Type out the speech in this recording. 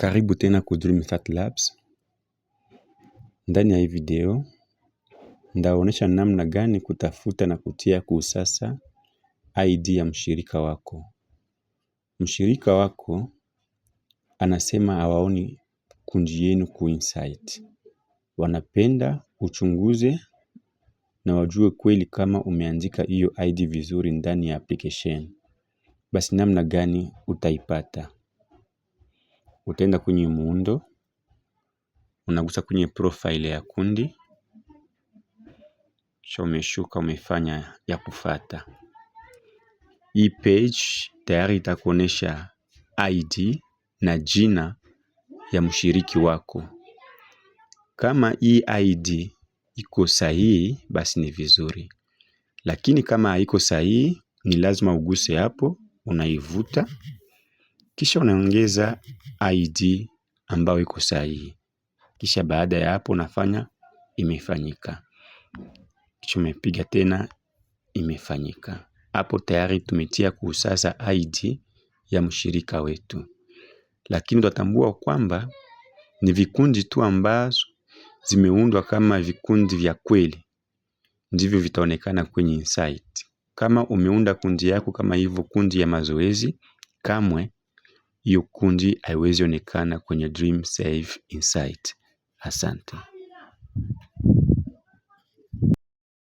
Karibu tena Dream Method Labs. Ndani ya hii video, ndaonyesha namna gani kutafuta na kutia kuusasa ID ya mshirika wako. Mshirika wako anasema hawaoni kundi yenu ku insight. Wanapenda uchunguze na wajue kweli kama umeandika hiyo ID vizuri ndani ya application. Basi namna gani utaipata? utaenda kwenye muundo, unagusa kwenye profile ya kundi, kisha umeshuka umefanya ya kufata. Hii page tayari itakuonesha ID na jina ya mshiriki wako. Kama hii ID iko sahihi, basi ni vizuri, lakini kama haiko sahihi, ni lazima uguse hapo, unaivuta kisha unaongeza ID ambayo iko sahihi. Kisha baada ya hapo unafanya imefanyika. Kisha umepiga tena imefanyika. Hapo tayari tumetia kusasa ID ya mshirika wetu. Lakini utatambua kwamba ni vikundi tu ambazo zimeundwa kama vikundi vya kweli. Ndivyo vitaonekana kwenye insight. Kama umeunda kundi yako kama hivyo kundi ya mazoezi, kamwe hiyo kundi haiwezi onekana kwenye Dream Safe Insight. Asante.